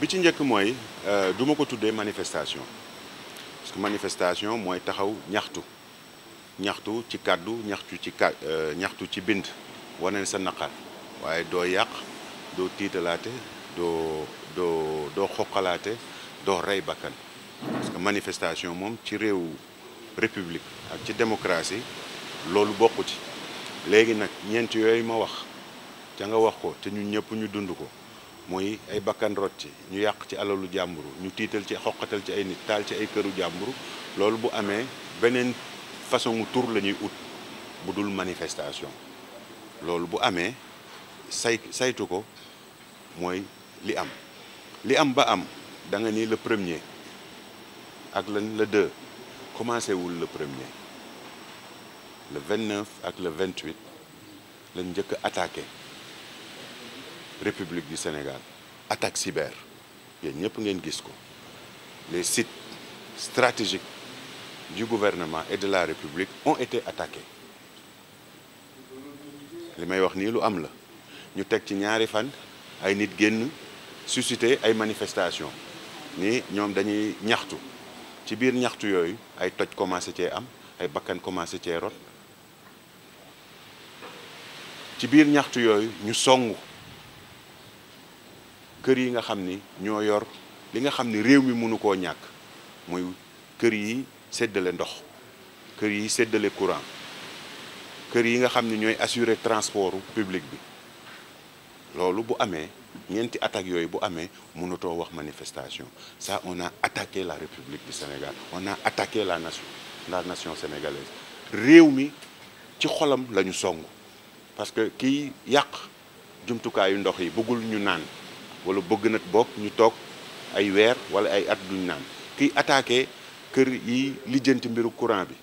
bi ci njëkk mooy euh, du ma ko tuddee manifestation parce que manifestation mooy taxaw ñaxtu ñaxtu ci kàddu ñaxtu ci ka euh, ñaxtu ci bind waneen sa naqar waaye doo yàq doo tiitalaate doo doo doo xoqalaate doo rey bakkan parce que manifestation moom ci réew république ak ci démocratie loolu bokku ci léegi nag ñeent yooyu ma wax ca nga wax ko te ñun ñëpp ñu dund ko mooy ay bakkan rot ci ñu yàq ci alalu jàmburu ñu tiital ci xoqatal ci ay nit taal ci ay këru jàmburu loolu bu amee beneen façon tour la ñuy ut bu dul manifestation loolu bu amee say saytu ko mooy li am li am ba am da nga ni premier ak lan le deux commencé wul le premier le 29 ak le 28 lañ njëkk a attaqué République du Sénégal attaque cyber yéen ñëpp ngeen gis ko les site stratégiques du gouvernement et de la République ont été attaqués li may wax nii lu am la ñu teg ci ñaari fan ay nit génn suscité ay manifestation ni ñoom dañuy ñaxtu ci biir ñaxtu yooyu ay toj commencé cee am ay bakkan commencé cee rot ci biir ñaxtu yooyu ñu songu kër yi nga xam ni ñoo yor li nga xam ni réew mi mënu koo ñàkk muy kër yi séddale ndox kër yi séddale courant kër yi nga xam ni ñooy assurer transport public bi loolu bu amee ñeenti attaque yooyu bu amee mënatoo wax manifestation ça on a attaqué la République du Sénégal on a attaqué la nation la nation sénégalaise réew mi ci xolam lañu ñu song parce que kii yàq jumtukaayu ndox yi bëggul ñu naan wala bëgg na bokk ñu toog ay weer wala ay at duñ naan kiy attaqué kër yi lijjanti mbiru courant bi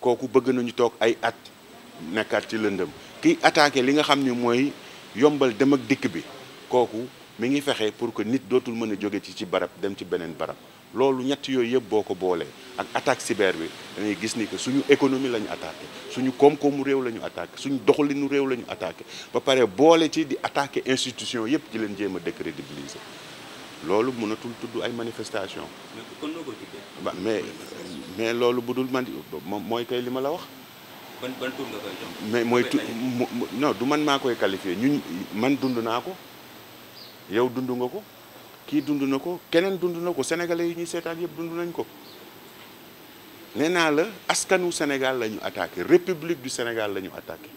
kooku bëgg nañu toog ay at nekkaat ci lëndëm kiy attaqué li nga xam ni mooy yombal dem ak dikk bi kooku mu ngi fexe pour que nit dootul mën a jóge ci ci barab dem ci beneen barab loolu ñett yooyu yëpp boo ko boolee ak attaque cyber bi dañuy gis ni que suñu économie la ñu attaqué suñu koom-koomu réew la ñu attaqué suñu doxalinu réew la ñu attaqué ba pare boole ci di attaqué institution yëpp ci leen jéem a décrédibiliser loolu mënatul tudd ay manifestation ba mais mais loolu bu dul man mooy kay li ma la wax. ban ban mais mooy tu non du man maa koy qualifié ñu man dund naa ko yow dund nga ko. kii dund na ko keneen dund na ko sénégalais yi ñuy seetaan yëpp dundu nañ ko nee naa la askanu Sénégal lañu ñu attaqué république du Sénégal la ñu attaqué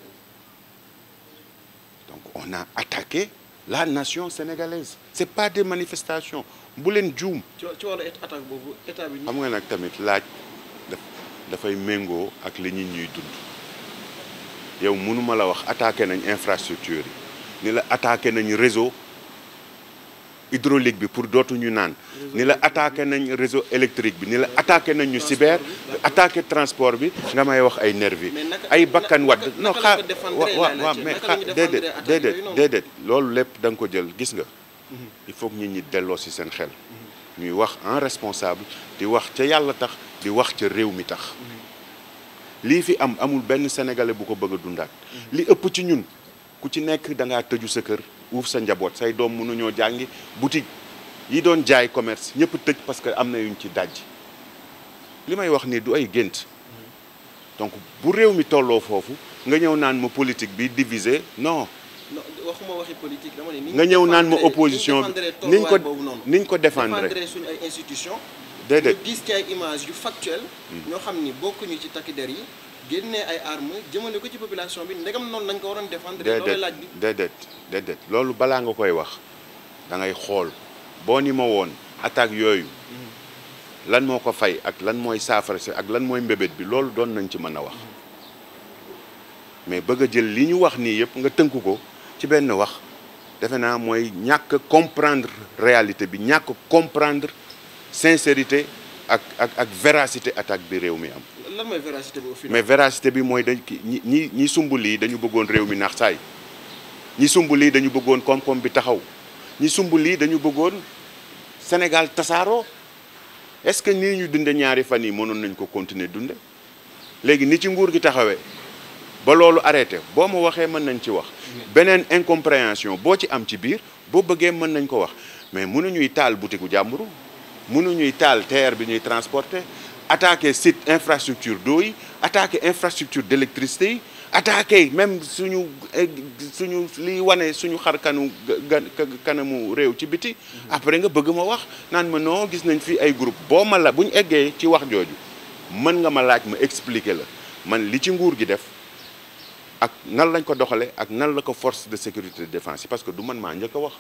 donc on a attaqué la nation sénégalaise c'est pas de manifestation bu leen juum. ci wàllu attaque boobu état bi. xam nga nag tamit laaj dafay méngoo ak li ñuy dund yow mënuma la wax attaque nañ infrastructure yi ni la attaqué nañ réseau. hydraulique bi pour ñu naan ni la attaqué nañ réseau électrique bi ni la attaqué nañ ñu cyber attaqué transport bi nga may wax ay nervi ay bakkan wadd non xaa déedéet déedéet loolu lépp danga ko jël gis nga mhm. il faut que ñu ñi delloo si seen xel mhm. ñuy wax en responsable di wax ca yàlla tax di wax ca réew mi tax mhm. lii fi am amul benn sénégalais bu ko bëgg a dundaat li ëpp ci ñun ku ci nekk da ngaa tëju sa kër uuf sa njaboot say doom mënuñoo jàngi boutique yi doon jaay commerce ñëpp tëj parce que am na yuñ ci daj li may wax nii du ay gént donc bu réew mi tolloo foofu nga ñëw naan ma politique bi diviser non. non waxuma waxi politique dama nga ñëw naan ma opposition bi niñ ko niñ ko défendre suñu ay institutions. déedéet ñu gis ci ay images yu factuelles. Hmm. ñoo xam ni bokkuñu ci takk der yi. génnee ay armes jëmale ko ci population bi ndegam noonu lañ ko waroon défendre. déedéet laaj bi déedéet loolu balaa nga koy wax da ngay xool boo ni ma woon attaque yooyu mm-hmm. lan moo ko fay ak lan mooy saafara si ak lan mooy mbébét bi loolu doon nañ ci mën a wax mm-hmm. mais bëgg a jël li ñu wax nii yëpp nga tënk ko ci benn wax defe naa mooy ñàkk comprendre réalité bi ñàkk comprendre sincérité. ak ak ak véracité attaque bi réew mi am. lan mooy bi au mais véracité bi mooy dañ ki ñi ñi lii dañu bëggoon réew mi naax saay ñi sumbu lii dañu bëggoon koom-koom bi taxaw ñi sumbu lii dañu bëggoon Sénégal tasaaroo est-ce que nii ñu dunde ñaari fan yi mënoon nañ ko continuer dunde léegi ni ci nguur gi taxawee ba loolu arrêté boo ma waxee mën nañ ci wax mm-hmm. beneen incompréhension boo ci am ci biir boo bëggee mën nañ ko wax mais mënuñuy taal butiku jàmburu mënuñuy taal terre bi ñuy transporter attaquer site infrastructure doo yi attaquer infrastructure d'électricité yi attaquer même suñu li liy wane suñu xar kanu kanamu réew ci biti mhm. après nga bëgg ma wax naan ma noo gis nañ fi ay groupe boo ma la bu ñu eggee ci wax jooju mën nga ma laaj ma expliquer la man li ci nguur gi def ak nan lañ ko doxalee ak nan la ko force de sécurité de défense yi parce que du man maa njëkk a wax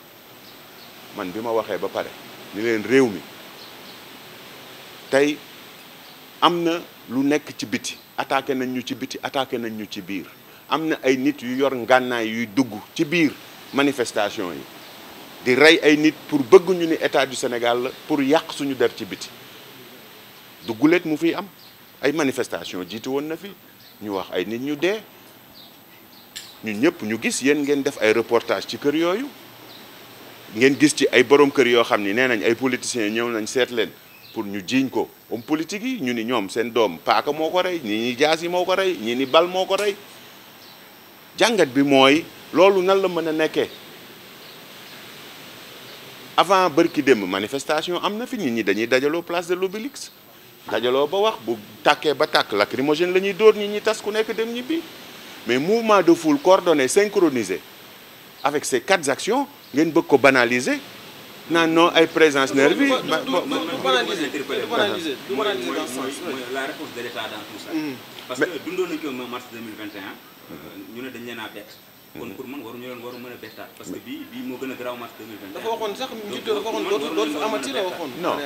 man bi ma waxee ba pare ni leen réew mi tey am na lu nekk ci biti attaqué nañ ñu ci biti attaqué nañ ñu ci biir am na ay nit yu yor ngànnaay yuy dugg ci biir manifestation yi di rey ay nit pour bëgguñu ni état du Sénégal la pour yàq suñu der ci biti du guleet mu fi am ay manifestation jiitu woon na fi ñu wax ay nit ñu dee ñun ñëpp ñu gis yéen ngeen def ay reportage ci kër yooyu ngeen gis ci ay borom kër yoo xam ni nee nañ ay politiciens ñëw nañ seet leen pour ñu jiiñ ko homme politique yi ñu ni ñoom seen doom paaka moo ko rey ñii ni jaas yi moo ko rey ñii ni bal moo ko rey jàngat bi mooy loolu nan la mën a nekkee avant bërki démb manifestation am na fi nit ñi dañuy dajaloo place de l'Obélisque dajaloo ba wax bu tàkkee ba tàkk lacrymogène la ñuy dóor nit ñi tas ku nekk dem ñibbi mais mouvement de foule coordonné synchronisé avec ces quatre actions ngeen bëgg ko banaliser naan non ay présence nervi bi. banaliser banaliser du banaliser mm. parce que dundoon nañu ko mars 2021 mm-hmm. ñu ne dañu leen a bett. kon mm-hmm. mën a parce que bii bii moo gën a garaaw dafa waxoon sax njiitu dafa waxoon dootul amati la waxoon. non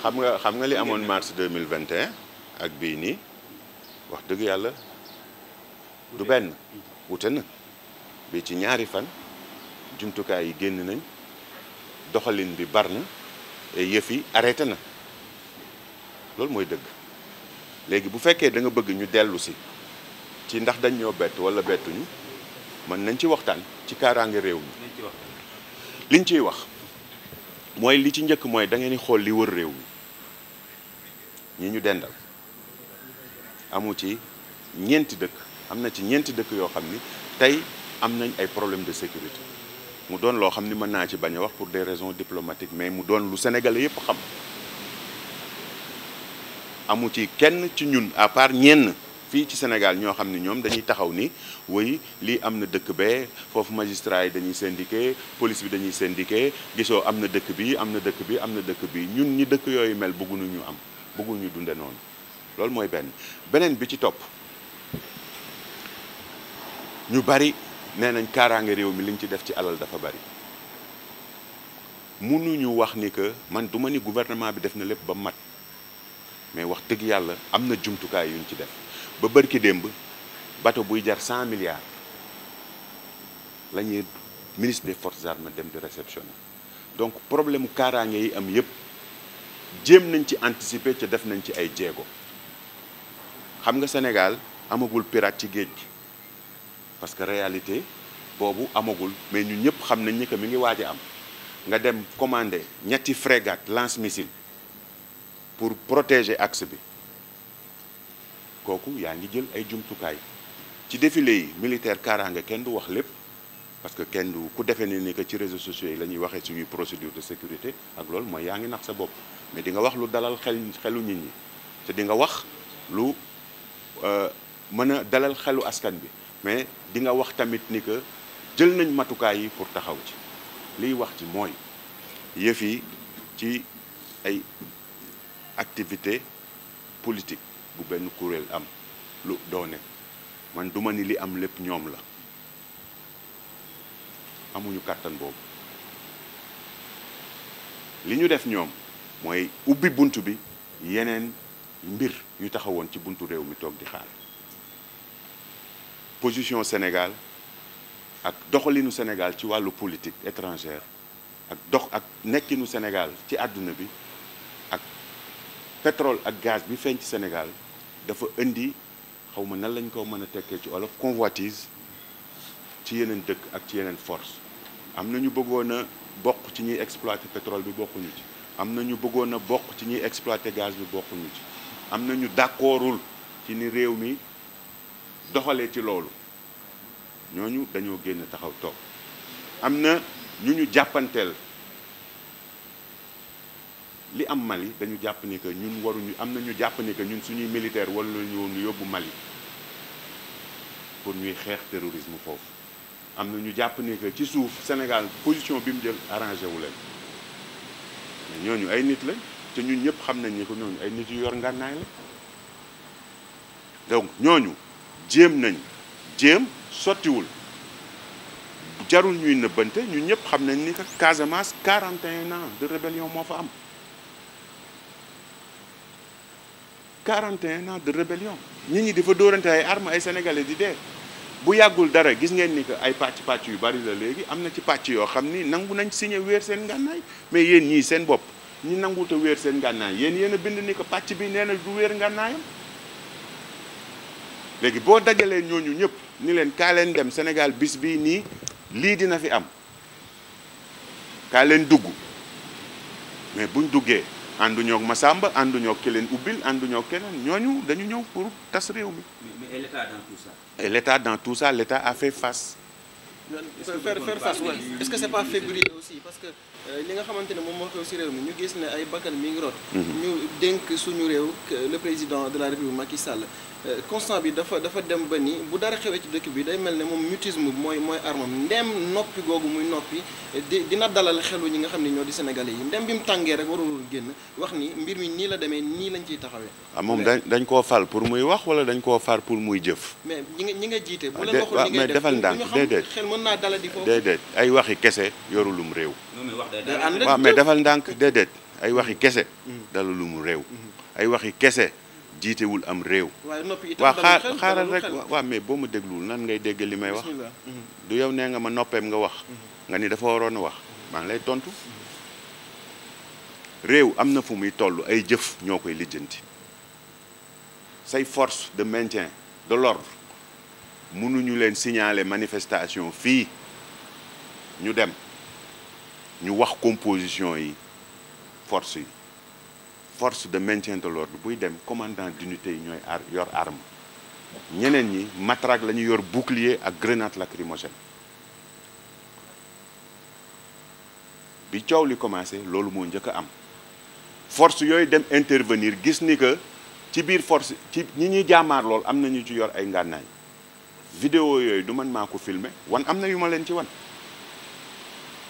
xam nga xam nga li amoon mars 2021 ak bii nii wax dëgg yàlla du benn mm. wute na bi ci ñaari fan jumtukaay yi génn nañ. doxalin bi bar na eh, yëf yi arrêté na loolu mooy dëgg léegi bu fekkee da nga bëgg ñu dellu si ci ndax dañ ñoo bett wala bettuñu mën nañ ci waxtaan ci kaaraange réew mi liñ ciy wax mooy li ci njëkk mooy da ngeen di xool li wër réew mi ñi ñu dendal amu ci ñeenti dëkk am na ci ñeenti dëkk yoo xam ni tey am nañ ay problème de sécurité mu doon loo xam ni mën naa ci bañ a wax pour des raisons diplomatiques mais mu doon lu sénégalais yëpp xam amu ci kenn ci ñun à ñenn fii ci Sénégal ñoo xam ni ñoom dañuy taxaw ni woy lii am na dëkk bee foofu magistrat yi dañuy syndiqué police bi dañuy syndiqué gisoo am na dëkk bi am na dëkk bi am na dëkk bi ñun ñi dëkk yooyu mel bëgguñu ñu am bëgguñu dunde noonu loolu mooy benn beneen bi ci topp ñu bari nee nañ kaaraange réew mi li ñu ci def ci alal dafa bari mënuñu wax ni que man du ma ni gouvernement bi def na lépp ba mat mais wax dëgg yàlla am na jumtukaay yuñ ci def ba bërki démb bato buy jar cent milliards lañuy ñuy ministre des forces armées dem di réceptionné donc problème kaaraange yi am yépp jéem nañ ci anticiper ca def nañ ci ay jéego xam nga Sénégal amagul piraat ci géej gi parce que réalité boobu amagul mais ñu ñëpp xam nañ ni que mi ngi waaj a am nga dem commander ñetti frégate lance missile pour protéger axe bi kooku yaa ngi jël ay jumtukaay ci défilé yi militaire kaaraange kenn du wax lépp parce que kenn du ku defee ni que ci réseau sociaux yi la ñuy waxee suñuy procédure de sécurité ak lool mooy yaa ngi nax sa bopp mais di nga wax lu dalal xel xelu nit ñi te di nga wax lu euh, mën a dalal xelu askan bi mais dinga wax tamit ni que jël nañ matukaay yi pour taxaw ci liy wax ci mooy yëf yi ci ay activité politique bu benn kuréel am lu doone man duma ni li am lépp ñoom la amuñu kàttan boobu li ñu def ñoom mooy ubbi bunt bi yeneen mbir yu taxawoon ci buntu réew mi toog di xaar position Sénégal ak doxalinu Sénégal ci wàllu politique étrangère ak dox ak nekkinu Sénégal ci àdduna bi ak pétrole ak gaz bi feeñ ci Sénégal dafa indi xaw ma nan lañ ko mën a tekkee ci wolof convoitise ci yeneen dëkk ak ci yeneen force am na ñu bëggoon bokk ci ñuy exploiter pétrole bi bokkuñu ci am na ñu bëggoon a bokk ci ñuy exploiter gaz bi bokkuñu ci am na ñu d'accordul ci ni réew mi doxalee ci loolu ñooñu dañoo génn taxaw toog am na ñu ñu jàppanteel li am Mali dañu jàpp ni que ñun waruñu am na ñu jàpp ni que ñun suñuy militaire wala ñu woon yóbbu Mali pour ñuy xeex terrorisme foofu am na ñu jàpp ni que ci suuf Sénégal position bi mu jël arrangé wu leen mais ñooñu ay nit lañ te ñun ñëpp xam nañ ni ko ñooñu ay nit yu yor ngànnaay la donc ñooñu jéem nañ jéem sottiwul jarul ñuy nëbbante ñu ñëpp xam nañ ni que Casamance 41 ans de rébellion moo fa am 41 ans de rébellion nit ñi dafa dóorante ay armes ay sénégalais di dee bu yàggul dara gis ngeen ni que ay pàcc pàcc yu bari la léegi am na ci pàcc yoo xam ni nangu nañ signé weer seen ngànnaay mais yéen ñii seen bopp ñi nanguwut a seen ngànnaay yéen yéen a bind ni que pàcc bi nee na du wéer ngànnaayam léegi boo dajalee ñooñu ñëpp ni leen kaa leen dem Sénégal bis bii nii lii dina fi am kaa leen dugg mais buñ duggee ànduñoo ak Massamba ànduñoo ak ki leen ubbil ànduñoo ak keneen ñooñu dañu ñëw pour tas réew mi. mais dans tout ça. et l' a fait face. faire faire face ouais est-ce que c'est pas février aussi parce que euh, li nga xamante ne moom moo xew si réew mi ñu gis ne ay bakkan mi ngi root mhm. ñu dénk suñu réew le président de la république Macky Sall euh, constant bi dafa dafa dem ba ni bu dara xewee ci dëkk bi day mel ne moom mutisme mooy mooy armam ndem noppi googu muy noppi di dina dalal xelu ñi nga xam ne ñoo di sénégalais yi ndem bi mu tàngee rek warul génn wax ni mbir mi nii la demee nii lañ ciy taxawee ah moom dañ dañ koo fal pour muy wax wala dañ koo far pour muy jëf mais ñi nga ñi nga jiite bu ah, leen waxul li ngay def defal ndànk déedéet mën naa ay waxi kese yorulum réew. waaw mais dafal ndànk déedéet ay waxi mm-hmm. kese. Mm-hmm. dalalum réew. Mm-hmm. ay waxi kese jiitewul am réew. waa xaaral rek waaw mais boo ma dégluwul nan ngay dégg li may wax. du yow nee nga ma noppeem nga wax. nga ni dafa waroon a wax maa ngi lay tontu. réew am na fu muy toll ay jëf ñoo koy lijjanti. say force de maintien de l'ordre mënuñu leen signaler manifestation fii ñu dem ñu wax composition yi force yi force de maintien de l'ordre buy dem commandant d'unité yi ñooy ar yor arme ñeneen ñi matraque la ñu yor bouclier ak grenade lacrymogène bi coow li commencé loolu moo njëkk a am force yooyu dem intervenir gis ni que ci biir force ci ñi ñuy jaamaar lool am na ñu ci yor ay ngànnaay vidéo yooyu du man maa ko filmer wan am na yu ma leen ci wan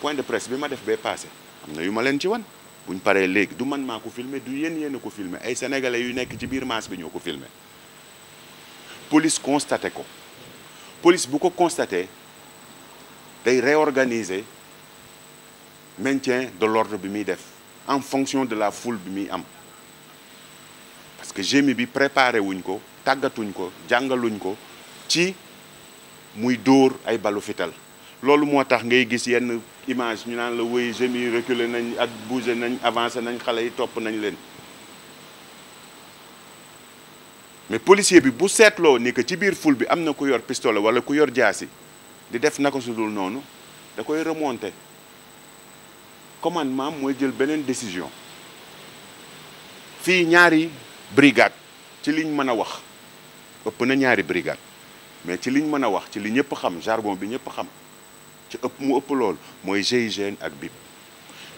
point de presse bi ma def bee passé am na yu ma leen ci wan buñ paree léegi du man maa ko filmer du yéen yéen a ko filmer ay sénégalais yu nekk ci biir masse bi ñoo ko filmer police constaté ko police bu ko constaté day réorganiser maintien de l'ordre bi muy def en fonction de la foule bi muy am parce que GMI bi préparé wuñ ko tàggatuñ ko jàngaluñ ko ci muy dóor ay balu fital loolu moo tax ngay gis yenn image ñu naan la wéy jeunes yi reculer nañ ak bougé nañ avancé nañ xale yi topp nañ leen mais policier bi bu seetloo ni que ci biir foule bi am na ku yor pistolet wala ku yor jaasi di def naka su dul noonu da koy remonter commandement mooy jël beneen décision fii ñaari brigade ci liñ mën a wax ëpp na ñaari brigade mais ci liñ mën a wax ci li ñëpp xam jargon bi ñëpp xam ci ëpp mu ëpp lool mooy GIGN ak BIP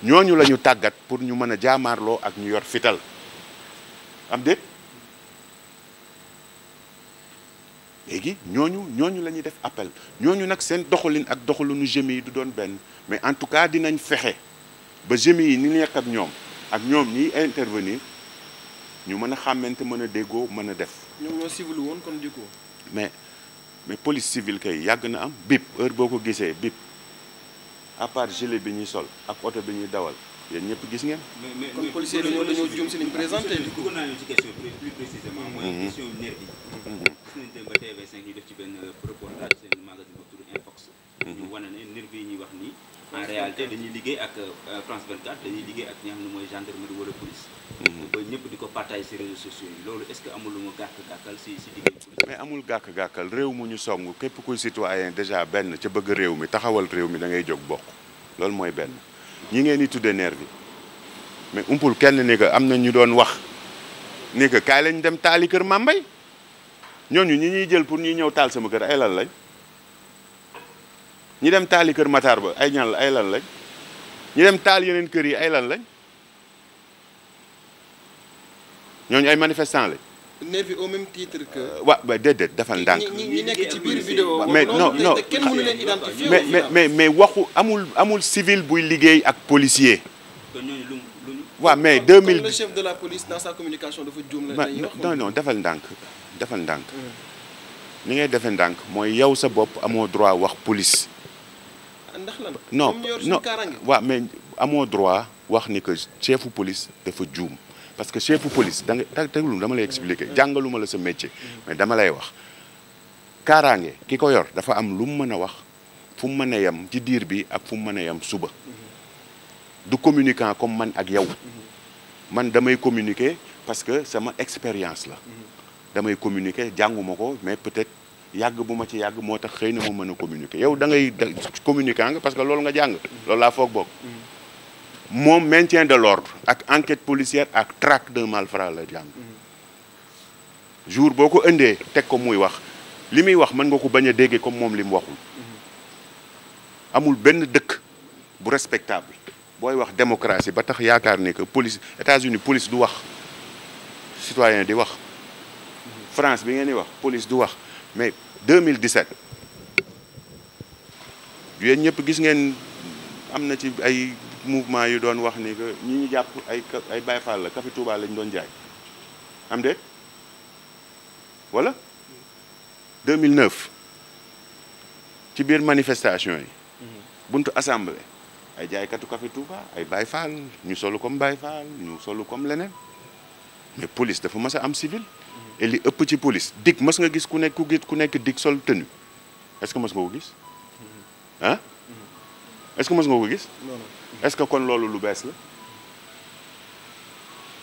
ñooñu la ñu tàggat pour ñu mën a jaamaarloo ak ñu yor fital am déet léegi ñooñu ñooñu la ñuy def appel ñooñu nag seen doxalin ak doxalinu GMI yi du doon benn mais en tout cas dinañ fexe ba GMI yi ni nekk ak ñoom ak ñoom ñiy intervenir ñu mën a xàmmante mën a déggoo mën a def. ñoom ñoo woon kon di mais. mais police civile kay yàgg na am bip heure boo ko gisee bip à part bi ñuy sol ak oto bi ñuy dawal yéen ñëpp gis ngeen. mais mais kon policiers dañoo dañoo ci question plus plus ñu mhm. wane ne nervi yi ñuy wax nii en réalité dañuy liggéey ak euh, France 24 dañuy liggéey ak ñi nga xam ne mooy gendarmerie wala police mhm. ba ñëpp di ko partage si réseaux sociaux yi loolu est-ce que amul lu mu gàkk-gàkkal mais amul gàkk-gàkkal réew mu ñu song képp kuy citoyen déjà benn ca bëgg réew mi taxawal réew mi da ngay jóg bokk loolu mooy benn ñi ngeen di tudde nervi mais umpul kenn ni am na ñu doon wax ni que kaay lañ dem taali kër Mambay ñooñu ñu ñuy jël pour ñuy ñëw taal sama kër ay lan lañ ñu dem taali kër Matar ba ay ñal la ay lan lañ ñu dem taal yeneen kër yi ay lan lañ ñooñu ay manifestant lañ. nervi au même titre que. waaw euh, ba déedéet defal ndànk. mais mais waxu amul amul civil buy liggéey ak policier. waaw mais 2000 le chef de la police dans sa communication dafa juum la non non defal ndànk defal ndànk. ni ngay defee ndànk mooy yow sa bopp amoo droit wax police. ndax lan mais amoo droit wax ni que chefu police dafa juum parce que chefu police da nga teglum dama lay expliquer jàngaluma la sa métier mais dama lay wax kaaraange ki ko yor dafa am lu mu mën a wax fu mu mën a yem ci diir bi ak fu mu mën a yem suba du communicant comme man ak yow man damay communiquer parce que sama expérience la damay communiquer jànguma ko mais peut yàgg bu ma ci yàgg moo tax xëy na mu mën a communiquer yow da ngay communiquer nga parce que loolu nga jàng loolu laa foog bokk mm-hmm. moom maintien de l'ordre ak enquête policière ak traque d'un malfrat la jàng mm-hmm. jour boo ko indee teg ko muy wax li muy wax mën nga ko bañ a déggee comme moom li mu waxul mm-hmm. amul benn dëkk bu respectable booy wax démocratie ba tax yaakaar ne que police États-Unis police du wax citoyen di wax France bi ngeen di wax police du wax mais 2017 yéen ñëpp gis ngeen am na ci ay mouvement yu doon wax ni que ñi ñu jàpp ay ay Baye la Café Touba lañ doon jaay am déet wala 2009 ci biir manifestation yi. Mm-hmm. buntu assemblée ay jaaykatu Café Touba ay Baye Fall ñu solu comme Baye ñu solu comme leneen mais police dafa mas am civil. et li ëpp ci police dig mës nga gis ku nekk ku gis ku nekk dig sol tenue est-ce que mës nga ko gis ah est-ce que mës nga ko gis est-ce que kon loolu lu bees la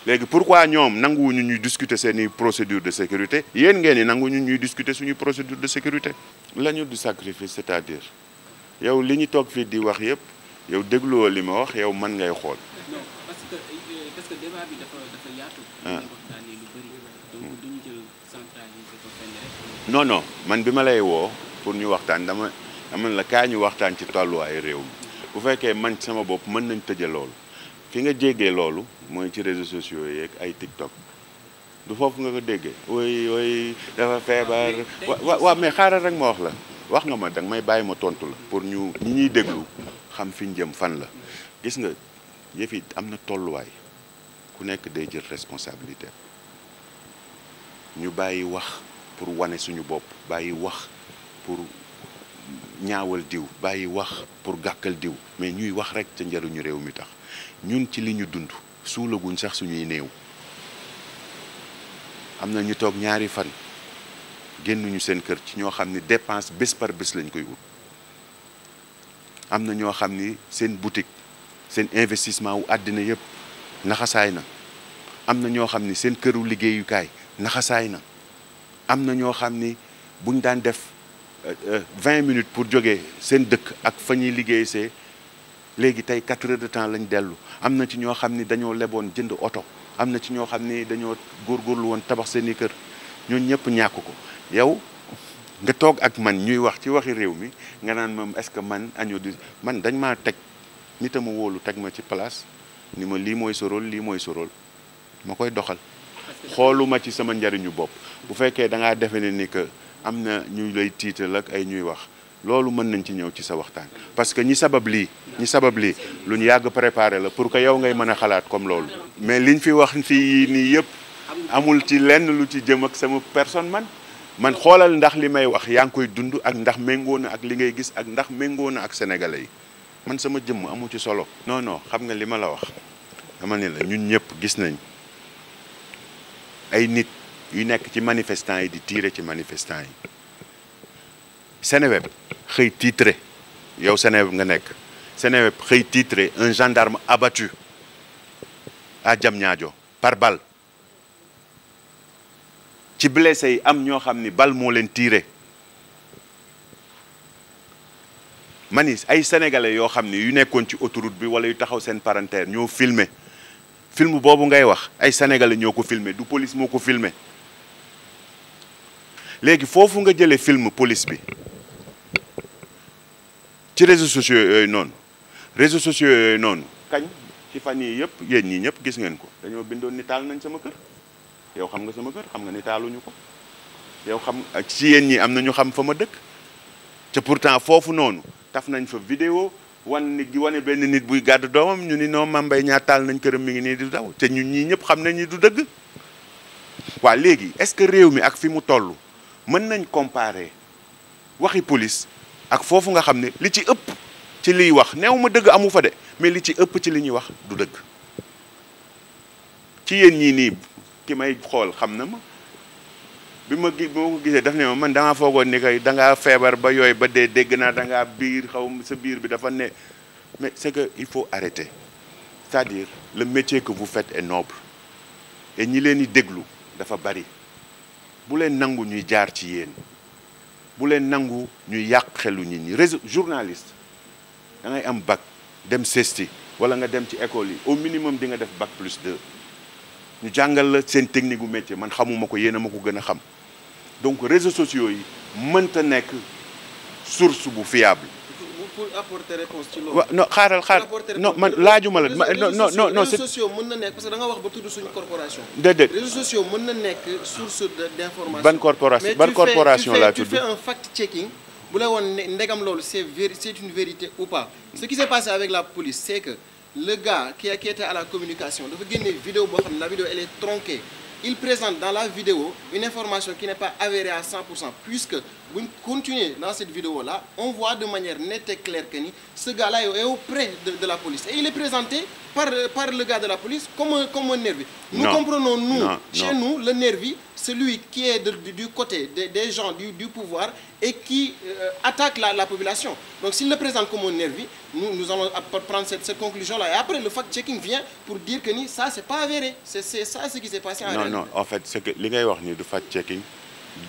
léegi pourquoi ñoom nanguwuñu ñuy discuter seeni procédure de sécurité yéen ngeen ni nanguwuñu ñuy discuter suñu procédure de sécurité lañu du sacrifice c'est-à-dire yow li ñu toog fii di wax yëpp yow dégluwoo li ma wax yow man ngay xool parce euh, que débat bi dafa dafa yaatu ah. non non man bi ma lay woo pour ñu waxtaan dama dama la kaa ñu waxtaan ci tolluwaayu réew mi bu fekkee man sama bopp mën nañ tëje loolu fi nga jéggee loolu mooy ci réseaux sociaux yeeg ay TikTok du foofu nga ko déggee ooy ooy dafa feebar ah, wa mais xaaral rek ma wax la wax nga ma danga may bàyyi ma tontu la pour ñu ñi ñuy déglu xam fi ñu jëm fan la gis nga yëf yi am na tolluwaay ku nekk day jël responsabilité ñu bàyyi wax pour wane suñu bopp bàyyi wax pour ñaawal diw bàyyi wax pour gàkkal diw mais ñuy wax rek ca njëriñu réew mi tax ñun ci li ñu dund suulaguñ sax suñuy néew am na ñu toog ñaari fan génnuñu seen kër ci ñoo xam ni dépense bés par bés lañ koy wut am na ñoo xam ni seen boutique seen investissement wu àddina yëpp naxasaay na am na ñoo xam ni seen këru liggéeyukaay naxasaay na am na ñoo xam ni buñ daan def euh, euh, vingt minutes pour jógee seen dëkk ak fa ñuy liggéey see léegi tey quatre heures de temps lañ dellu am na ci ñoo xam ni dañoo leboon jënd oto am na ci ñoo xam ni dañoo góor góorlu woon tabax seen i kër ñooñu ñëpp ñàkk ko yow nga toog ak man ñuy wax ci waxi réew mi nga naan moom est-ce que man año di man dañ maa teg nit a ma wóolu teg ma ci place ni ma lii mooy sa lii mooy sa rôle ma koy doxal xooluma ci sama njariñu bopp bu fekkee dangaa ngaa defe ne ni que am na ñu lay tiital ak ay ñuy wax loolu mën nañ ci ñëw ci sa waxtaan parce que ñi sabab lii ñi sabab lii lu ñu yàgg préparé la pour que yow ngay mën a xalaat comme loolu mais liñ fi wax fii nii yëpp amul ci lenn lu ci jëm ak sama personne man man xoolal ndax li may wax yaa ngi koy dund ak ndax méngoo ak li ngay gis ak ndax méngoo ak sénégalais yi man sama jëmm amu ci solo non xam nga li ma la wax dama ne la ñun ñëpp gis nañ ay nit yu nekk ci manifestants yi di tiire ci manifestants yi Seneweb xëy titré yow Seneweb nga nekk Seneweb xëy tiitre un gendarme abattu à Diamniadio par bal ci blessé yi am ñoo xam ni bal moo leen tiire manis ay sénégalais yoo xam ni yu nekkoon ci autoroute bi wala yu taxaw seen parentaire ñoo filme film boobu ngay wax ay sénégalais ñoo ko filme du police moo ko filmer léegi foofu nga jëlee film police bi ci réseaux sociaux yooyu noonu réseau sociaux yooyu noonu kañ ci fan yii yëpp yéen ñi ñëpp gis ngeen ko dañoo bindoon ni taal nañ sama kër yow xam nga sama kër xam nga ni taaluñu ko yow xam ci yéen ñi am na ñu xam fa ma dëkk te pourtant foofu noonu taf nañ fa vidéo wan nit gi wane benn nit buy gàdd doomam ñu ni noo Mame Mbaye taal nañ këram mi ngi nii di daw te ñun ñii ñëpp xam nañ ni du dëgg waa léegi est-ce que réew mi ak fi mu toll mën nañ comparer waxi police ak foofu nga xam ne li ci ëpp ci liy wax neew ma dëgg amu fa de mais li ci ëpp ci li ñuy wax du dëgg ci yéen ñii nii ki may xool xam na ma bi ma gi bi ko gisee daf ne ma man damaa foogoon ni kay da feebar ba yooyu ba dee dégg naa da biir xaw sa biir bi dafa ne mais c'est que il faut arrêter cest dire le métier que vous faites est noble et ñi leen di déglu dafa bari bu leen nangu ñuy jaar ci yéen bu leen nangu ñuy yàq xelu nit ñi réseau journaliste da am bac dem sesti wala nga dem ci école yi au minimum di nga def bac plus deux ñu jàngal la seen technique gu métier man xamuma ko yéen a ma ko gën a xam. donc réseaux sociaux yi mënta nekk source bu fiable. pour apporter réponse ci loolu. non xaaral xaaral non man laajuma la. non non sociaux mën na nekk parce que da wax ba tudd suñu corporation. déedéet réseaux sociaux mën na nekk source d'information. ban corporation laa tudd bu la woon ndegam loolu c'est véri c'est une vérité ou pas ce qui s'est passé avec la police c'est que le gars qui qui était à la communication dafa génne vidéo boo xam ne la vidéo elle il présente dans la vidéo une information qui n'est pas avérée à 100% puisque bu ñu continuer dans cette vidéo là on voit de manière nette et claire que ni ce gars-là est auprès de la police et il est présenté par par le gars de la police comme un comme un nervi. nous non. comprenons nous chez nous le nervi celui qui est de, du côté des, des gens du, pouvoir et qui euh, la, population. Donc s'il le présente comme un nervi, nous, nous allons prendre cette, cette conclusion-là. Et après, le fact-checking vient pour dire que ni, ça, c'est pas avéré. C'est ce qui s'est passé en Non, réalité. non, en fait, c'est que du fact-checking, du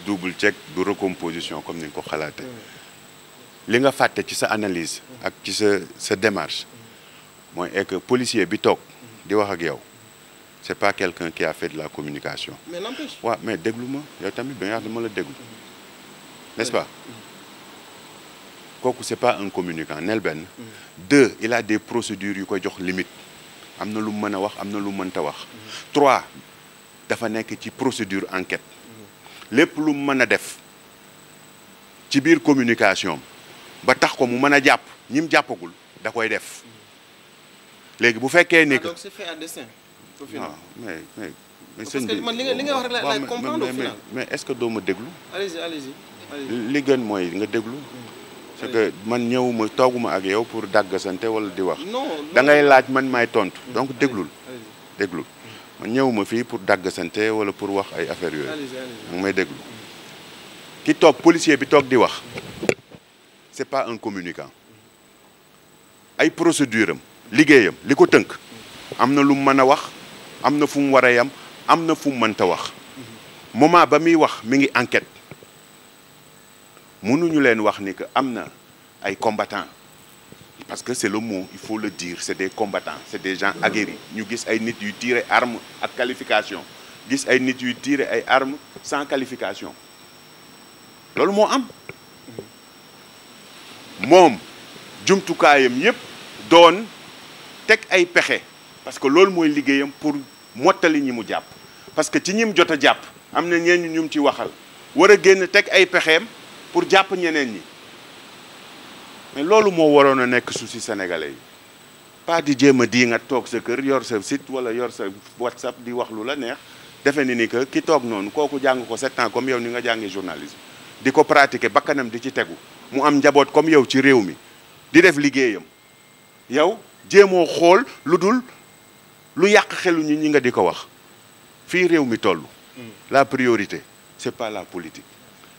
double-check, de recomposition, comme nous l'avons dit. li nga fàtte ci sa analyse ak ci sa sa démarche mooy est que policier bi toog di wax ak yow c'est pas quelqu'un qui a fait de la communication. mais mais déglu ma yow tamit ba nga xam ne ma la déglu n'est-ce pas kooku c'est pas un communicant nel benn. Mm. deux il a des procédures yu koy jox limite am na lu mën a wax am na lu mënta wax. Mm. trois dafa nekk ci procédure enquête. Mm. lépp lu mën a def ci biir communication ba tax ko mu mën a jàpp ñim jàppagul da koy def léegi bu fekkee ni ah, que. au mais mais. bi man mais est-ce que doo ma déglu. li gën mooy nga déglu. Mm. c'est que man ñëwuma tooguma ak yow pour dàggasante walla di wax. da ngay laaj man may tontu. Mm. donc déglul déglul man ñëwuma fii pour dàggasante wala pour wax ay affaires yooyu. da nga déglu. ki toog policier bi toog di wax c'est pas un communicant ay procédure am liggéeyam li ko tënk am na lu mu mën a wax. am na fu mu war a yam am na fu mu mënta wax moment ba muy wax mi ngi enquête mënuñu leen wax ni que am na ay combattants parce que c'est le mot il faut le dire c'est des combattants c'est des gens aguerris ñu gis ay nit yuy tirer arme ak qualification gis ay nit yuy tirer ay arme sans qualification loolu moo am moom jumtukaayam yépp doon teg ay pexe parce que loolu mooy liggéeyam pour mottali ñi mu jàpp parce que ci ñim jot a jàpp am na ñeen ñu ci waxal war a génn teg ay pexeem pour jàpp ñeneen ñi mais loolu moo waroon a nekk souci sénégalais yi pas di jéem a di nga toog sa kër yor sa site wala yor sa whatsapp di wax lu la neex defe ni ni que ki toog noonu kooku jàng ko sept ans comme yow ni nga jàngee journalisme di ko pratiquer bakkanam di ci tegu mu am njaboot comme yow ci réew mi di def liggéeyam yow jéemoo xool lu dul lu yàq xeluñu ñi nga di ko wax fii réew mi toll mm. la priorité c'est pas la politique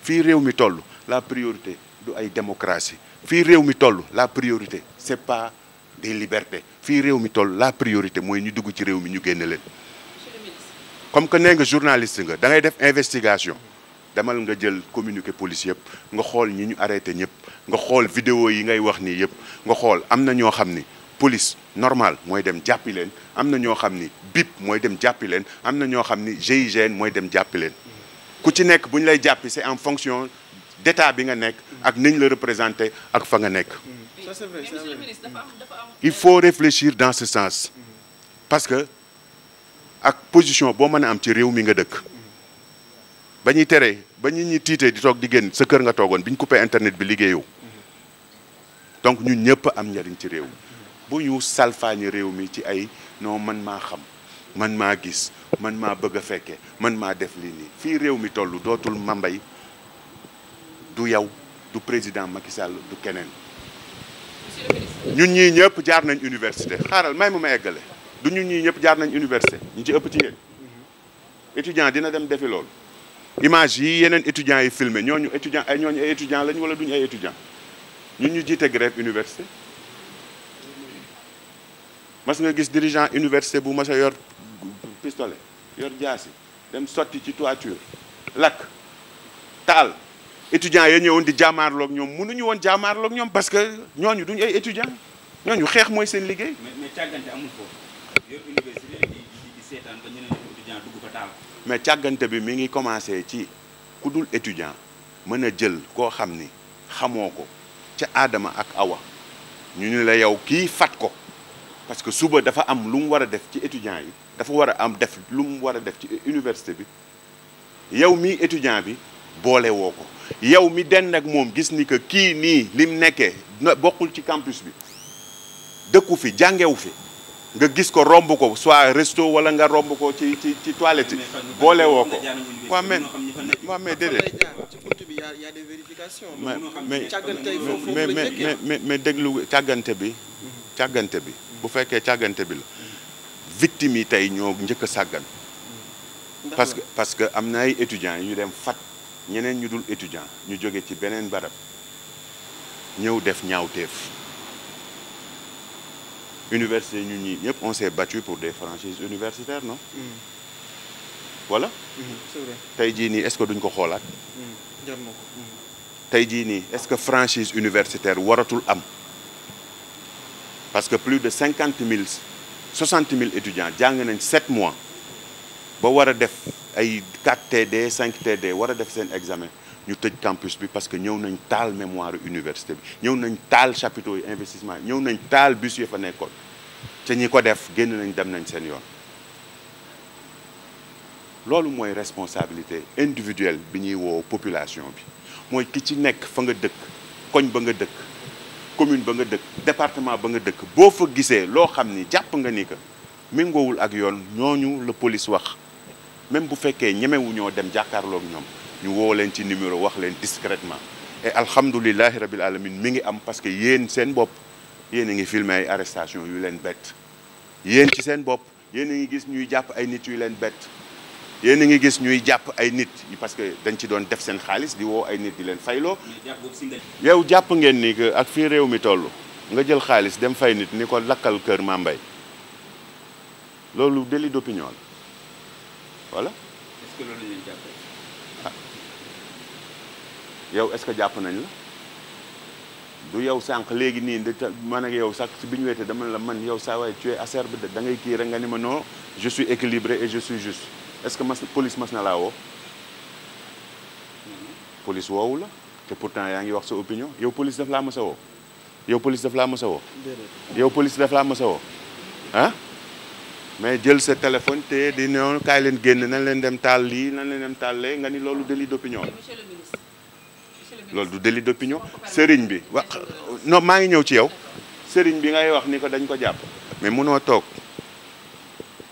fii réew mi toll la priorité du ay démocratie fii réew mi toll la priorité c'est pas des libertés fii réew mi toll la priorité mooy ñu dugg ci réew mi ñu génne leen comme que nee nga journaliste nga da ngay def investigation demal nga jël communiqué police yëpp nga xool ñi ñu arrêté ñëpp nga xool vidéo yi ngay wax nii yëpp nga xool am na ñoo xam ni police normal mooy dem jàppi leen am na ñoo xam ni BIP mooy dem jàppi leen am na ñoo xam ni GIGN mooy dem jàppi leen ku ci nekk bu ñu lay jàppi c'est en fonction d'état bi nga nekk ak niñ la représenter ak fa nga nekk il faut réfléchir dans ce sens parce que ak position boo mën a am ci réew mi nga dëkk ba ñuy teree ba ñu ñi tiitee di toog di génn sa kër nga toogoon bi ñu coupé internet bi liggéeyoo donc ñu ñëpp am njariñ ci réew bu ñu salfaañi réew mi ci ay non man maa xam man maa gis man maa bëgg a fekkee man maa def lii nii fii réew mi tollu dootul mambay du yow du président Macky Sall du keneen ñun ñii ñëpp jaar nañ université xaaral may mu ma eggale du ñu ñii ñëpp jaar nañ université ñu ci ëpp ci étudiant dina dem defi loolu image yi yeneen étudiants yi filmé ñooñu étudiant ay ñooñu ay étudiant lañ wala duñu ay étudiant ñu ñu jiite grève université mas nga gis dirigeant université bu ma a yor pistolet yor jaasi dem sotti ci toiture lakk taal étudiants ya ñëwoon di jaamaarloog ñoom mënuñu woon jaamaarloog ñoom parce que ñooñu duñu ay étudiants ñooñu xeex mooy seen liggéey. mais mais càggante bi mi ngi commencé ci ku dul étudiant mën a jël koo xam ni xamoo ko ca aadama ak awa ñu ni la yow kii fat ko. parce que suba dafa am lu mu war a def ci étudiant yi dafa war a am def lu mu war a def ci université bi yow mii étudiant bi boole woo ko yow mi den nag moom gis ni que kii nii li mu nekkee bokkul ci campus bi dëkku fi jàngewu fi nga gis ko romb ko soit resto wala nga romb ko ci ci ci toilette yi boole woo ko waaw mais waaw mais déedéet mais mais mais mais mais déglu càggante bi càggante bi bu fekkee càggante bi la victime yi tey ñoo njëkk a sàggan parce que parce que am na ay étudiants yu ñu dem fat ñeneen ñu dul étudiant ñu jóge ci beneen barab ñëw def ñaawteef université ñu ñi ñëpp on s'est battu pour des franchises universitaires non mm. voilà mm, tey jii nii est-ce que duñ ko xoolaat mm, tey jii nii est-ce que franchise universitaire waratul am parce que plus de cinquante mille soixante mille étudiants jàng nañ sept mois ba war a def ay 4 TD 5 TD war a def seen examen ñu tëj campus bi parce que ñëw nañ taal mémoire université bi ñëw nañ taal chapiteaux yi investissement ñëw nañ taal bus yi fa nekkoon te ñi ko def génn nañ dem nañ seen yoon loolu mooy responsabilité individuelle bi ñuy woo population bi mooy ki ci nekk fa nga dëkk koñ ba nga dëkk commune ba nga dëkk département ba nga dëkk boo fa gisee loo xam ni jàpp nga ni que méngoowul ak yoon ñooñu la police wax même bu fekkee ñemewu ñoo dem jàkkaarloog ñoom ñu woo leen ci numéro wax leen discrètement et alhamdulilahi rabil alamin mi ngi am parce que yéen seen bopp yéen a ngi filmé ay arrestation yu leen bett yéen ci seen bopp yéen a ngi gis ñuy jàpp ay nit yu leen bett yéen a ngi gis ñuy jàpp ay nit parce que dañ ci doon def seen xaalis di woo ay nit di leen fayloo. yow jàpp ngeen ni ak fii réew mi toll nga jël xaalis dem fay nit ni ko lakkal kër Mambay loolu délit d'opinion la voilà. est loolu lañ leen jàppee. Ah. yow est-ce que jàpp nañ la du yow sànq léegi nii de man a yow sax si bi ñu weete dama la man yow saa waay tu es acerbe da ngay kii rek nga ni ma non je équilibré et je suis est-ce que mas police mas na laa woo police woowu la te pourtant yaa ngi wax sa opinion yow police daf laa mës a yow police daf laa mës a yow police daf laa mës a mais jël sa téléphone te di noonu kaay leen génn nañ leen dem taal lii nañ leen dem taal lee nga ni loolu délit d'opinion loolu du délit d'opinion sëriñ bi wax non maa ngi ñëw ci yow sëriñ bi ngay wax ni ko dañ ko jàpp mais mënoo toog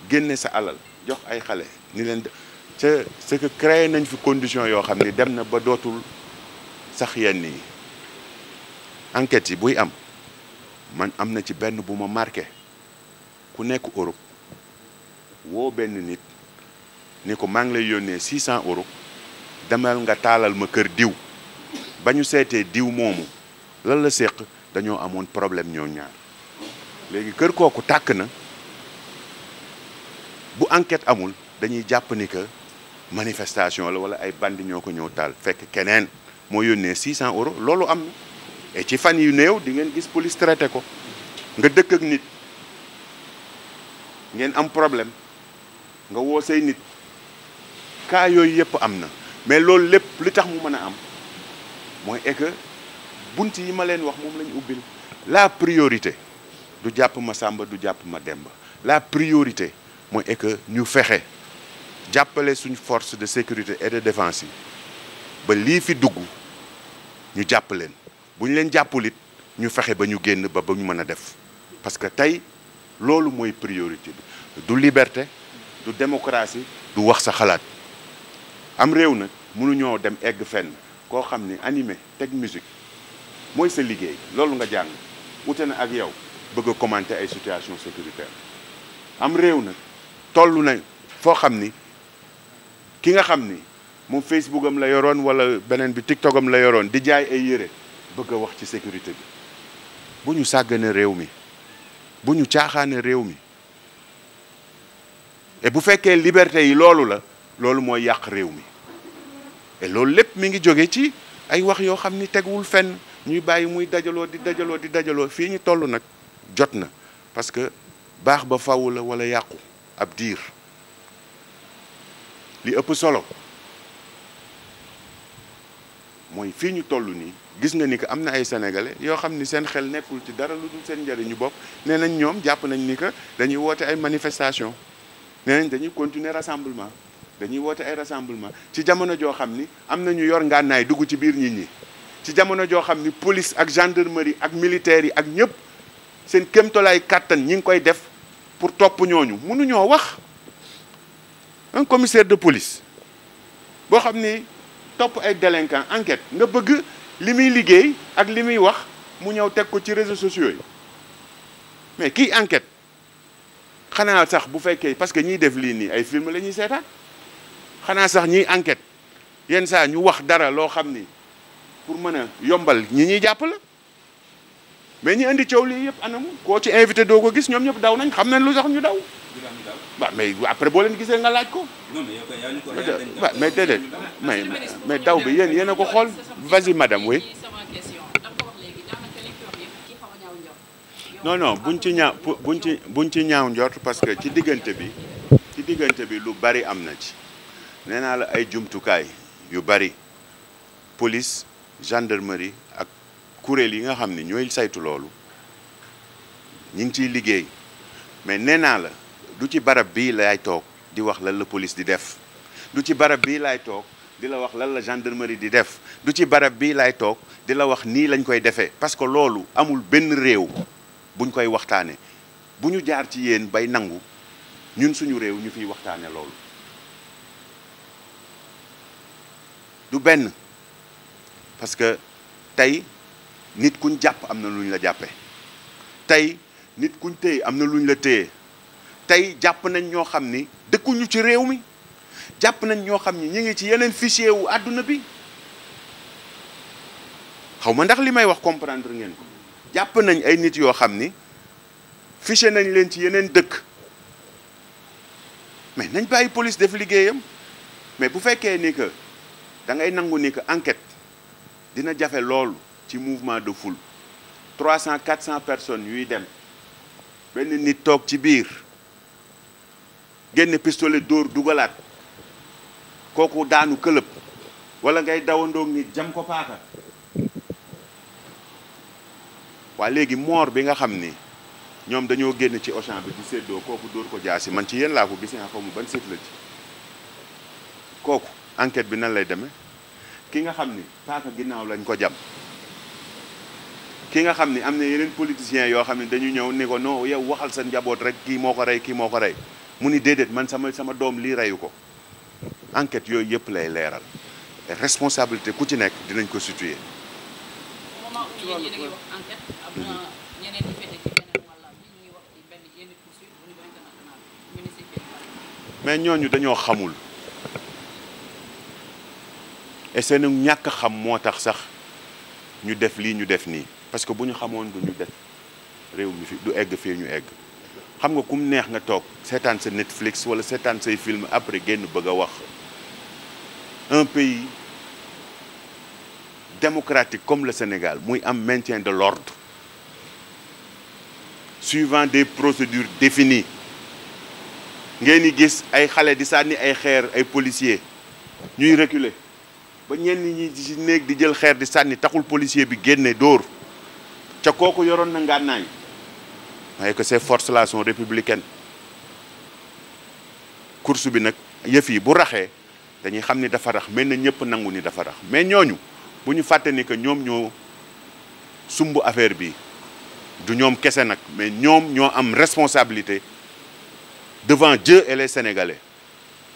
génne sa alal jox ay xale ni leen ca ce que nañ fi condition yoo xam ni dem na ba dootul sax yenn yi enquêtes yi buy am man am na ci benn bu ma marqué ku nekk Europe woo benn nit ni ko maa ngi lay yónnee 600 euros demal nga taalal ma kër diw ba ñu seetee diw moomu lan la séq dañoo amoon problème ñoo ñaar léegi kër kooku tàkk na bu enquête amul dañuy jàpp ni que manifestation la wala ay bandi ñoo ko ñëw taal fekk keneen moo yónnee 600 euros loolu am na et ci fan yu néew di ngeen gis police traité ko nga dëkk ak nit ngeen am problème nga woo say nit cas yooyu yëpp am na mais loolu lépp li tax mu mën a am mooy est que bunt yi ma leen wax moom la ñu ubbil la priorité du jàpp ma Samba du jàpp ma Demba la priorité mooy est que ñu fexe. jàppale suñu force de sécurité et de défense yi ba lii fi dugg ñu jàpp leen bu ñu leen jàppulit ñu fexe ba ñu génn ba ba ñu mën a def parce que tey loolu mooy priorité bi du liberté du démocratie du wax sa xalaat am réew nag mënuñoo dem egg fenn koo xam ni animé teg musique mooy sa liggéey loolu nga jàng wute na ak yow bëgg a ay situation sécuritaire am réew na tollu na foo xam ni ki nga xam ni mu Facebook am la yoroon wala beneen bi TikTok am la yoroon di jaay ay yére bëgg a wax ci sécurité bi bu ñu sàgganee réew mi bu ñu caaxaanee réew mi et bu fekkee liberté yi loolu la loolu mooy yàq réew mi et loolu lépp mi ngi jóge ci ay wax yoo xam ni teguwul fenn ñuy bàyyi muy dajaloo di dajaloo di dajaloo fii ñu toll nag jot na parce que baax ba faw la wala yàqu ab diir li ëpp solo mooy fii ñu toll nii gis nga ni que am na ay sénégalais yoo xam ni seen xel nekkul ci dara lu dul seen njëriñu bopp nee nañ ñoom jàpp nañ ni que dañuy woote ay manifestation nee nañ dañuy continuer rassemblement dañuy woote ay rassemblement ci jamono joo xam ni am na ñu yor ngànnaay dugg ci biir nit ñi ci jamono joo xam ni police ak gendarmerie ak militaires yi ak ñëpp seen kéemtalaay kàttan ñi ngi koy def pour topp ñooñu mënuñoo wax. un commissaire de police boo xam ni topp ay délinquant enquête nga bëgg li muy liggéey ak li muy wax mu ñëw teg ko ci réseaux sociaux yi mais kii enquête xanaa sax bu fekkee parce que ñiy def lii nii ay film la ñuy seetaan xanaa sax ñiy enquête yenn saa ñu wax dara loo xam ni pour mën a yombal ñi ñuy jàpp la mais ñi indi coow lii yëpp anamu koo ci invité doo ko gis ñoom ñëpp daw nañ xam nañ lu sax ñu daw. waaw mais après boo leen gisee nga laaj ko. non mais déedéet mais daw bi yéen yéen a ko xool vasi y madame oui. non buñ ci ñaaw buñ ci buñ ci ñaaw njort parce que ci diggante bi ci diggante bi lu bari am na ci nee naa la ay jumtukaay yu bari police gendarmerie. kuréel yi nga xam ne ñooy saytu loolu ñu ngi ciy liggéey mais nee naa la du ci barab bii laay toog di wax lal la police di def du ci barab bii laay toog di la wax lan la gendarmerie di def du ci barab bii laay toog di la wax nii lañ koy defee parce que loolu amul benn réew buñ koy waxtaane bu ñu jaar ci yéen bay nangu ñun suñu réew ñu fiy waxtaane loolu du benn parce tey nit kuñ jàpp am na lu ñu la jàppee tey nit kuñ téye am na lu ñu la téye tey jàpp nañ ñoo xam ni dëkkuñu ci réew mi jàpp nañ ñoo xam ni ñu ngi ci yeneen fichier wu àdduna bi xaw ma ndax li may wax comprendre ngeen ko jàpp nañ ay nit yoo xam ni fiché nañ leen ci yeneen dëkk mais nañ bàyyi police def liggéeyam mais bu fekkee ni que da ngay nangu ni que enquête dina jafe loolu ci mouvement de foule trois cent quatre cent personnes yuy dem benn nit toog ci biir génn pistolet dóor dugalaat kooku daanu këlëb wala ngay dawandoog nit jam ko paaka waa léegi moor bi nga xam ni ñoom dañoo génn ci Auchan bi di seddoo kooku dóor ko jaar si man ci yéen laa ko gisee xaw ma ban site la ci kooku enquête bi nan lay demee ki nga xam ni paaka ginnaaw lañ ko jam ki nga xam ni am na yeneen politiciens yoo xam ne dañu ñëw ni ko non yow waxal sa njaboot rek kii moo ko rey kii moo ko rey mu ni déedéet man sama sama doom lii reyu ko enquête yooyu yëpp lay leeral responsabilité ku ci nekk dinañ ko situer. mais ñooñu dañoo xamul et seen ñàkk xam moo tax sax ñu def lii ñu def nii. parce que bu ñu xamoon du ñu def réew mi fi du egg fii ñu egg xam nga kum neex nga toog seetaan sa Netflix wala seetaan say film après génn bëgg a wax un pays democratique comme le Sénégal muy am maintien de l'ordre suivant des procédures définies ngeen di gis ay xale di sànni ay xeer ay policiers ñuy reculer ba ñenn ñi ci néeg di jël xeer di sànni taxul policier bi génne dóor ca kooku yoroon na ngànnaay waaye que ces forces là sont républicaines course bi nag yëf yi bu raxee dañuy xam ni dafa rax mel na ñëpp nangu ni dafa rax mais ñooñu bu ñu fàtte ni que ñoom ñoo sumb affaire bi du ñoom kese nag mais ñoom ñoo am responsabilité devant Dieu et les Sénégalais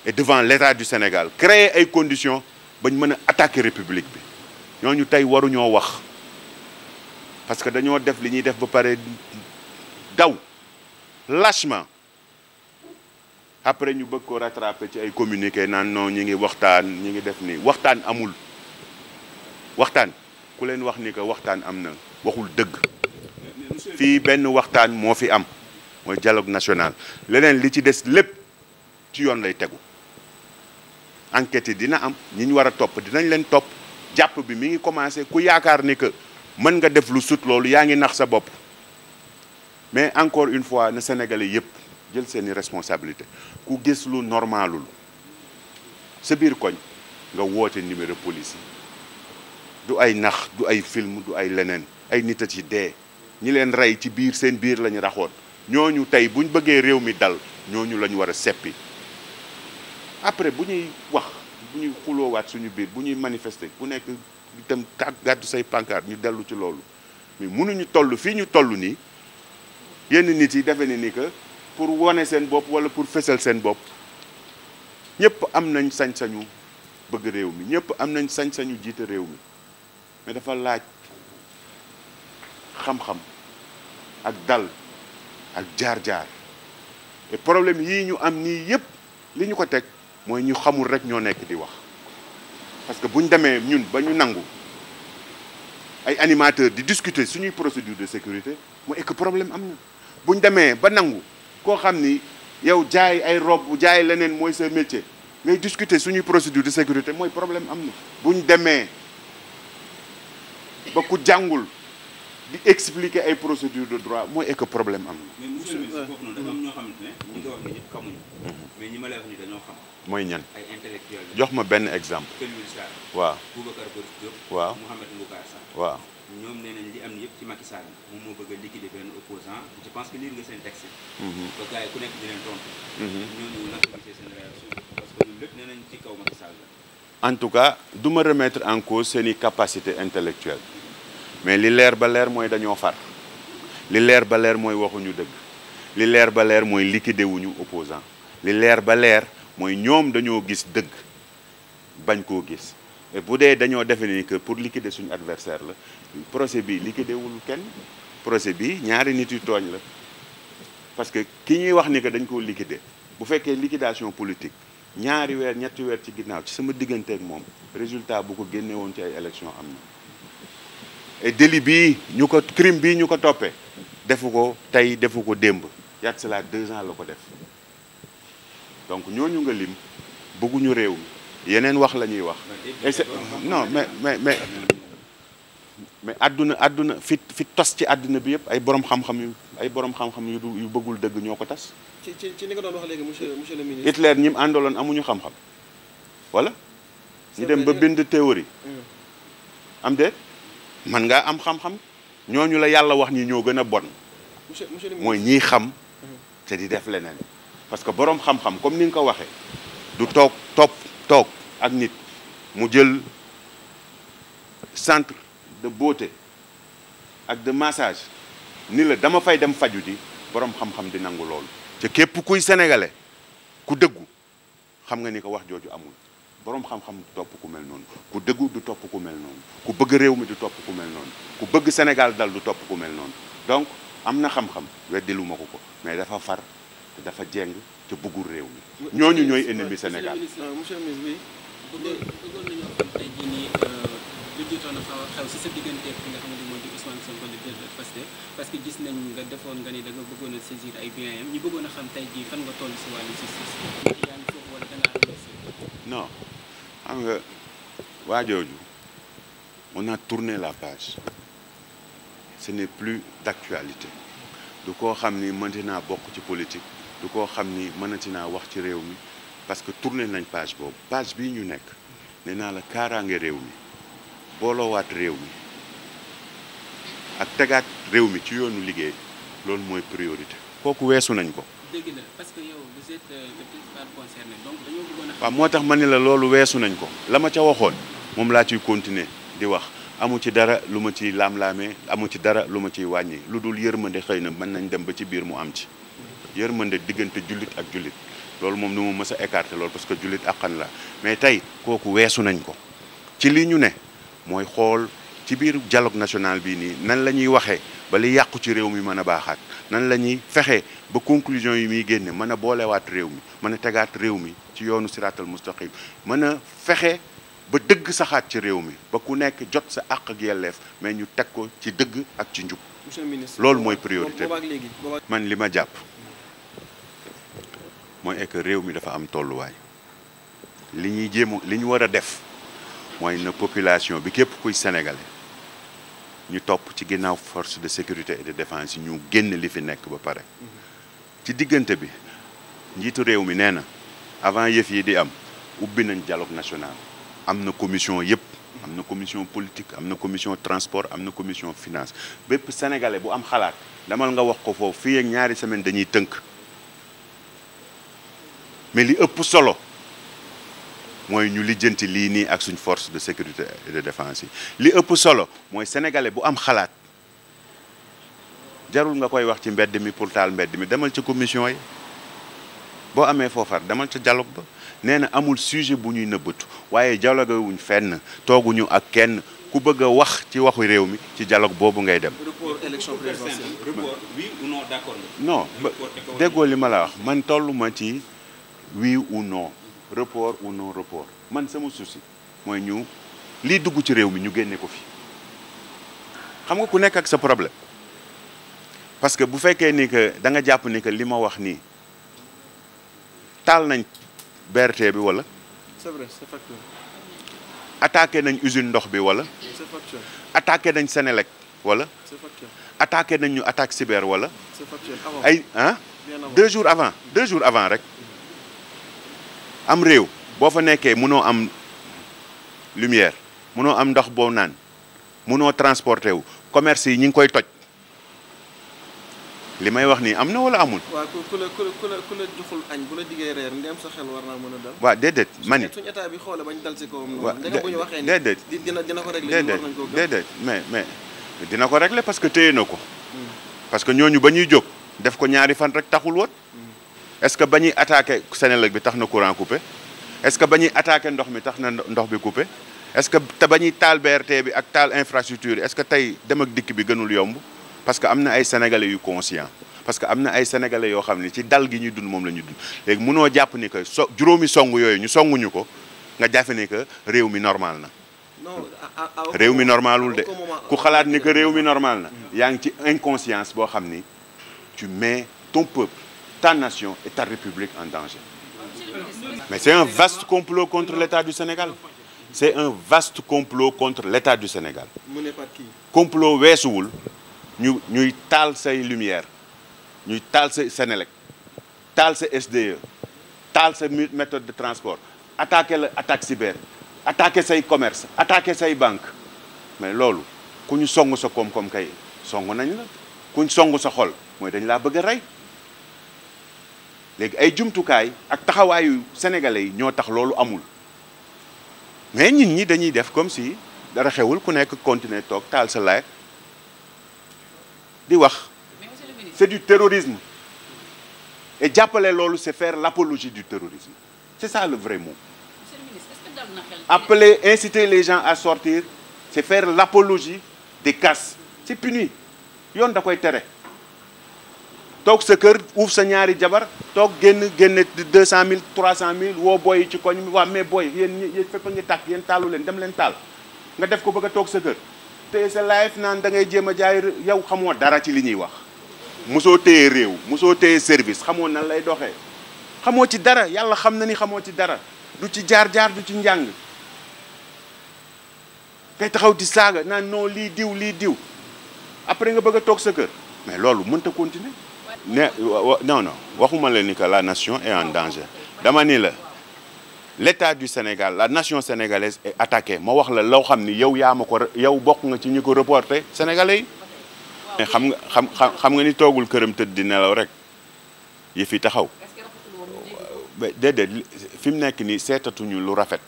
et devant l'État du Sénégal créer ay conditions bañ mën a attaquer république bi ñooñu tey waruñoo wax parce que dañoo def li ñuy def ba pare daw lâchement après ñu bëgg ko rattraper ci ay communiqué naan non ñi ngi waxtaan ñi ngi def nii waxtaan amul waxtaan ku leen wax ni que waxtaan am na waxul dëgg fii benn waxtaan moo fi am mooy dialogue national leneen li ci des lépp ci yoon lay tegu enquête yi dina am ñi ñu war a topp dinañ leen topp jàpp bi mi ngi commencé ku yaakaar ni mën nga def lu sut loolu yaa ngi nax sa bopp mais encore une fois na sénégalais yëpp jël seeni responsabilité ku gis lu normalul sa biir koñ nga woote numéro police yi du ay nax du ay film du ay leneen ay nit a ci dee ñi leen rey ci biir seen biir la ñu raxoon ñooñu tey buñ bëggee réew mi dal ñooñu la ñu war a seppi après bu ñuy wax bu ñuy xuloowaat suñu biir bu ñuy manifesté ku nekk dem gàddu say pànkaar ñu dellu ci loolu mais mënuñu toll fii ñu tollu nii yenn nit yi defe ne ni que pour wone seen bopp wala pour fësal seen bopp ñëpp am nañ sañ-sañu bëgg réew mi ñëpp am nañ sañ-sañu jiite réew mi mais dafa laaj xam-xam ak dal ak jaar-jaar et problème yii ñu am nii yëpp li ñu ko teg mooy ñu xamul rek ñoo nekk di wax parce que bu ñu demee ñun ba ñu nangu ay animateurs di discuter suñuy procédure de sécurité mu ek problème am na bu ñu demee ba nangu koo xam ni yow jaay ay robe jaay leneen mooy sa métier ngay discuter suñuy procédure de sécurité mooy problème am na bu ñu demee ba jàngul di expliquer ay procédure de droit mooy ek problème am na. ñoo xamante ne ñi nga wax ni ñëpp xamuñu. ñi ma lay mooy ñan jox ma benn exemple waaw waaw waaw ñoom nee nañ am yëpp ci moo bëgg a liquider benn opposant mm-hmm. mm-hmm. parce que ñun lépp nee nañ ci kaw en tout cas du ma remettre en cause seeni capacité intellectuelle mais li leer ba leer mooy dañoo far li leer ba leer mooy waxuñu dëgg li leer ba leer mooy liquider wuñu opposant li leer ba leer mooy ñoom dañoo gis dëgg bañ koo gis bu dee dañoo defe ni que pour liquider suñu adversaire la procès bi liquider kenn procès bi ñaari nit yu tooñ la parce que ki ñuy wax ni que dañ koo liquider bu fekkee liquidation politique ñaari weer ñetti weer ci ginnaaw ci sama diggante ak moom résultat bu ko génne woon ci ay élection am na et délit ñu ko crime bii ñu ko toppee defu ko tey defu ko démb yàgg cela deux ans la ko def donc ñooñu nga lim bëgguñu réew mi yeneen wax la ñuy wax. non mais mais mais àdduna àdduna fi fi tas ci àdduna bi yëpp ay borom xam-xam yu ay borom xam-xam yu yu bëggul dëgg ñoo ko tas. ci ci ci léegi monsieur monsieur le ministre. Hitler ñi mu àndaloon amuñu xam-xam wala. ñu dem ba bind théorie. Mm. am de man ngaa am xam-xam ñooñu la yàlla wax ñi ñoo gën a bon. mooy ñiy xam. Mm-hmm. te di def leneen. parce que boroom xam-xam comme ni nga ko waxee du toog topp toog ak nit mu jël centre de beauté ak de massage ni la dama fay dem faju ji boroom xam-xam di nangu loolu te képp kuy sénégale ku dëggu xam nga ni ko wax jooju amul boroom xam-xam du topp ku mel noonu ku dëggu du topp ku mel noonu ku bëgg réew mi du topp ku mel noonu ku bëgg Sénégal dal du topp ku mel noonu donc am na xam-xam weddilu ma ko ko mais dafa far dafa jéng te bëggul réew mi ñooñu ñooy ennemi Sénégal. Euh, monsieur bi bëggoon bëggoon nañoo euh, si sa diggante ki nga xamante di Ousmane di que parce que gis nañ nga defoon nga ni da bëggoon a saisir ay ñu bëggoon a xam tey jii fan nga toll si wàllu justice yaa ngi foofu wala da nga am non xam nga waajooju on a la page ce n'est plus d'actualité du koo xam ni maintenant bokk ci politique du koo xam ni mënati naa wax ci réew mi parce que tourné nañ page boobu page bii ñu nekk nee naa la kaaraange réew mi booloowaat réew mi ak tegaat réew mi ci yoonu liggéey loolu mooy priorité kooku weesu nañ ko. Euh, waa moo tax ma ne la loolu weesu nañ ko la ma ca waxoon moom laa ciy continuer di wax. amu ci dara lu ma ciy laam-laamee amu ci dara lu ma ciy wàññi lu dul yërmande xëy na mën nañ dem ba ci biir mu am ci yërmande diggante jullit ak jullit loolu moom ni ma mës a écarté loolu parce que jullit àqan la mais tey kooku weesu nañ ko ci li ñu ne mooy xool ci biir jaloog national bii nii nan la ñuy waxee ba li yàqu ci réew mi mën a baaxaat nan la ñuy fexe ba conclusion yi muy génne mën a boolewaat réew mi mën a tegaat réew mi ci yoonu siraatal mustaqim mën a fexe ba dëgg saxaat ci réew mi ba ku nekk jot sa àq ak yelleef mais ñu teg ko ci dëgg ak ci njub loolu mooy priorité man li ma jàpp mooy est que réew mi dafa am tolluwaay li ñuy jéem li ñu war a def mooy na population bi képp kuy sénégalais ñu topp ci ginnaaw force de sécurité et de défense yi ñu génn li fi nekk ba pare ci diggante bi njiitu réew mi nee na avant yëf yi di am ubbi nañ dialogue national am na commission yëpp am na commission politique am na commission transport am na commission finance bépp sénégalais bu am xalaat damal nga wax ko foofu fii ak ñaari semaine dañuy tënk mais li ëpp solo mooy ñu lijjanti lii nii ak suñ force de sécurité et de défense yi li ëpp solo mooy sénégalais bu am xalaat jarul nga koy wax ci mbedd mi pour taal mbedd mi demal ci commission yi boo amee foofar demal ca dialogue ba nee na amul sujet bu ñuy nëbbatu waaye dialogue fenn tooguñu ak kenn ku bëgg a wax ci waxu réew mi ci jaloog boobu ngay dem. report déggoo li ma la wax man tollu ma ci oui ou non report ou man sama suusi mooy ñëw lii dugg ci réew mi ñu génne ko fi xam nga ku nekk ak sa problème parce que bu fekkee ni que da nga jàpp ni que li ma wax nii taal nañ. BRT bi wala. c'est attaqué nañ usine ndox bi wala. c'est attaqué nañ senelek wala. c'est factuel. attaqué nañ ñu attaque cyber wala. c'est factuel avant ay deux jours avant deux jours avant rek. am réew boo fa nekkee mënoo am lumière mënoo am ndox boo naan mënoo transporter wu commerce yi ñu koy toj. li may wax nii am na wala amul. waaw ku la ku la ku la joxul añ bu la diggee reer ndem sa xel war naa mën a dal. waaw déedéet mani suñ état bi xoolee bañ dal si kawam noonu. ndegam bu ñu waxee nii dina dina ko régler. war nañ koo gëm déedéet mais mais dina ko régler parce que téye na ko. parce que ñooñu ba ñuy jóg def ko ñaari fan rek taxul woon. est-ce que ba ñuy attaqué Senelec bi tax na courant coupé est-ce que ba ñuy attaqué ndox mi tax na ndox bi coupé est-ce que te ba ñuy taal BRT bi ak taal infrastructure est-ce que tey dem ak dikk bi gënul yomb parce que am na ay sénégalais yu conscient parce que am na ay sénégalais yoo xam ne ci dal gi ñu dund moom la ñuy dund léegi munoo jàpp ni que juróomi song yooyu ñu songuñu ko nga jafe ni que réew mi normal na. réew mi normalul de ku xalaat ni que réew mi normal na. yaa ngi ci inconscience boo xam ni tu mets ton peuple ta nation et ta république en danger. mais c'est un vaste complot contre l'État du Sénégal c'est un vaste complot contre l'État du Sénégal. mu complot weesuwul. ñu ñuy taal say lumière ñuy taal sa Senelec taal sa SDE taal sa méthode de transport attaqué la attaque cyber attaqué say commerce attaqué say banque mais loolu ku ñu song sa koom-koom kay song nañ la kuñ song sa xol mooy dañ laa bëgg a rey léegi ay jumtukaay ak taxawaayu sénégalais yi ñoo tax loolu amul mais nit ñi dañuy def comme si dara xewul ku nekk continuer toog taal sa laaj di wax c'est du terrorisme et jàppale loolu c'est fair l'apologie du terrorisme c'est ça le vrai mot appeler inciter les gens à sortir c'est faire l'apologie des casses c'est puni yoon da koy tere toog sa kër uuf sa ñaari jabar toog génn génne deux cent mille trois cent mille woo boy ci koñ mi waa mais boy yéen ñi ngi tàkk yéen taalu leen dem leen taal nga def ko bëgg toog sa kër téye sa life naan da ngay jéem a jaay yow xamoo dara ci li ñuy wax mosoo téye réew mosoo téye service xamoo nan lay doxee xamoo ci dara yàlla xam na ni xamoo ci dara du ci jaar-jaar du ci njàng ngay taxaw di saaga naan non lii diw lii diw après nga bëgg a toog sa kër mais loolu mënta continuer ne non non waxuma la ni que la nation est en danger dama ni la l'état du Sénégal la nation sénégalaise est attaquée ma wax la loo xam ni yow yaa ko yow bokk nga ci ñu ko reporté sénégalais yi xam nga xam xam nga ni toogul këram tëdd di nelaw rek yi fi taxaw déedéet fi mu nekk nii seetatuñu lu rafet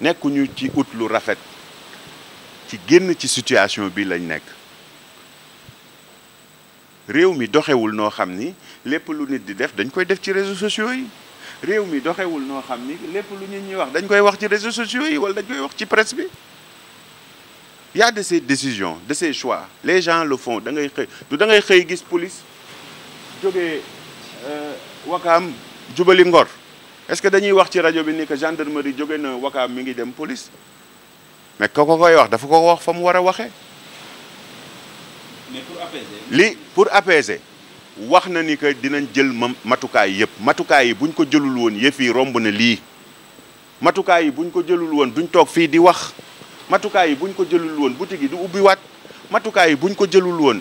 nekkuñu ci ut lu rafet ci génn ci situation bi lañ nekk réew mi doxewul noo xam ni lépp lu nit di def dañ koy def ci réseaux sociaux yi réew mi doxewul noo xam ni lépp lu ñu ñuy wax dañ koy wax ci réseaux sociaux yi wala dañ koy wax ci presse bi y a de ces décisions de ces choix les gens le font dangay ngay xëy da ngay xëy gis police jógee euh, wakaam jubali ngor est-ce que dañuy wax ci rajo bi ni que gendarmerie jóge na wakaam mi ngi dem police mais ko ko koy wax dafa ko wax fa mu war a waxee. mais pour apaiser. li pour apaiser. wax na ni que dinañ jël matukaay yëpp matukaay yi buñ ko jëlul woon yëf romb na lii matukaay yi buñ ko jëlul woon duñ toog fii di wax matukaay yi buñ ko jëlul woon boutique yi du ubbiwaat matukaay yi buñ ko jëlul woon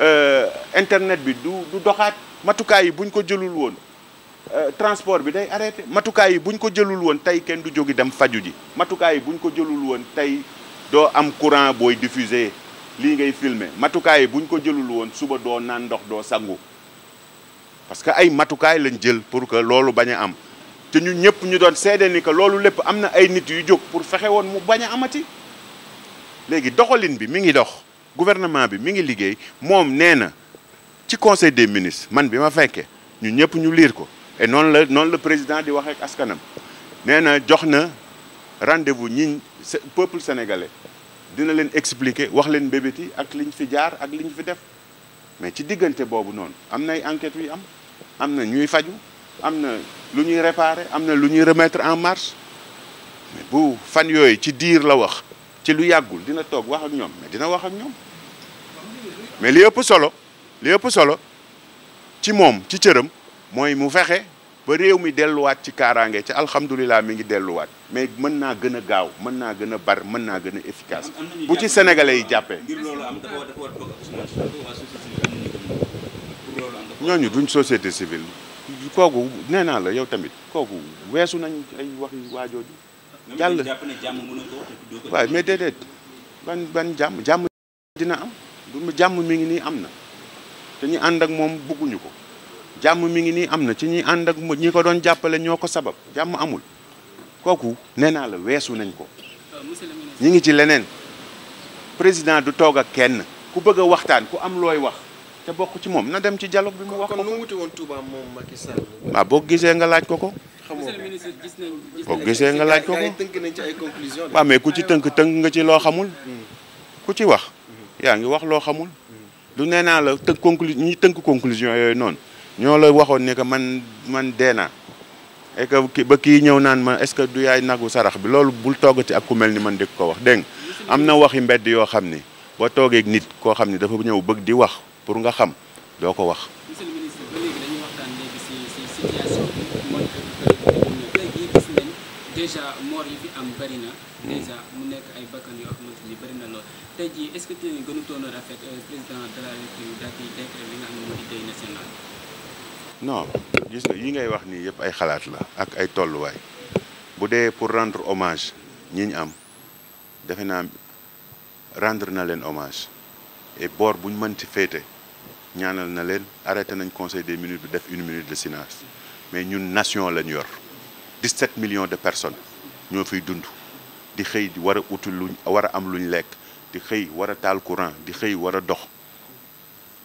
euh, internet bi du doxaat matukaay yi buñ ko jëlul woon euh, transport bi day arrêté matukaay yi buñ ko jëlul woon tey kenn du jógi dem faju ji matukaay yi buñ ko jëlul woon tey doo am courant booy diffuser lii ngay filmer matukaay yi bu ñu ko jëlul woon suba doo naan ndox doo sangu parce que ay matukaay lañ jël pour que loolu bañ a am te ñu ñëpp ñu doon seede ni que loolu lépp am na ay nit yu jóg pour fexe woon mu bañ a amati léegi doxalin bi mi ngi dox gouvernement bi mi ngi liggéey moom nee na ci conseil des ministres man bi ma fekkee ñu ñëpp ñu liir ko et noonu la noonu la président di wax askanam nee na jox na rendez-vous ñi peuple sénégalais dina leen expliquer wax leen mbébét yi ak liñ fi jaar ak liñ fi def mais ci diggante boobu noonu am nay enquêtes yu am am na ñuy faju am na lu ñuy réparer am na lu ñuy remettre en marche bu fan yooyu ci diir la wax ci lu yàggul dina toog wax ak ñoom mais dina wax ak ñoom mais li ëpp solo li ëpp solo ci moom ci cëram mooy mu fexe ba réew mi delluwaat ci kaaraange ci alhamdulilah mi ngi delluwaat mais mën naa gën a gaaw mën naa gën a bar mën naa gën a efficace bu ci sénégalais yi jàppee ñooñu duñ société civile kooku nee naa la yow tamit kooku weesu nañ ay wax yu waajooju jàll waaw mais déedéet ban ban jàmm jàmm dina am du jàmm mi ngi nii am na te ñu ànd ak moom bugguñu ko jàmm mi ngi nii am na ci ñi ànd ak ñi ko doon jàppale ñoo ko sabab jàmm amul kooku nee naa la weesu nañ ko. ñi ngi ci leneen président du toog kenn ku bëgg a waxtaan ku am looy wax te bokk ci moom na dem ci dialogue bi mu wax ko. kon mu wuti woon Touba moom Macky Sall. waaw boo gisee nga laaj ko ko. monsieur le ministre gisee nga laaj ko ko tënk nañ ci ay conclusion waaw ku ci tënk tënk nga ci loo xamul. Hmm. ku ci wax. Hmm. yaa ngi wax loo xamul. Hmm. du nee naa la tënk conclu ñi tënk conclusion yooyu noonu. ñoo la waxoon ne que man man dee naa et que ki ba kii ñëw naan ma est-ce que du yaay nagu sarax bi loolu bul toggati ak ku mel ni man di ko wax dégg am na waxi mbedd yoo xam ni boo toogeeg nit koo xam ni dafa ñëw bëgg di wax pour nga xam doo ko wax. non gis nga yi ngay wax nii yëpp ay xalaat la ak ay tolluwaay bu dee pour rendre hommage ñi ñu am defe naa rendre na leen hommage et boor bu ñu mën ci féete ñaanal na leen arrêté nañ conseil des minutes bi def une minute de silence mais ñun nation lañ yor 17 million de personnes ñoo fiy dund di xëy war a utul luñ war a am lu ñu lekk di xëy war a taal courant di xëy war a dox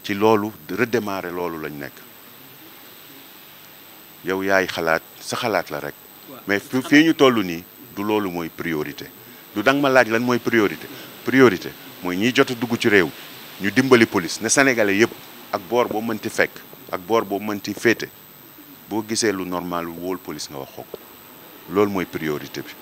ci loolu redémarrer loolu lañ nekk. yow yaay xalaat sa xalaat la rek mais fii ñu toll nii du loolu mooy priorité du danga ma laaj lan mooy priorité priorité mooy ñiy jot a dugg ci réew ñu dimbali police ne sénégalais yëpp ak boor boo mënti fekk ak boor boo mënti féete boo gisee lu normal wóol police nga wax ko loolu mooy priorité bi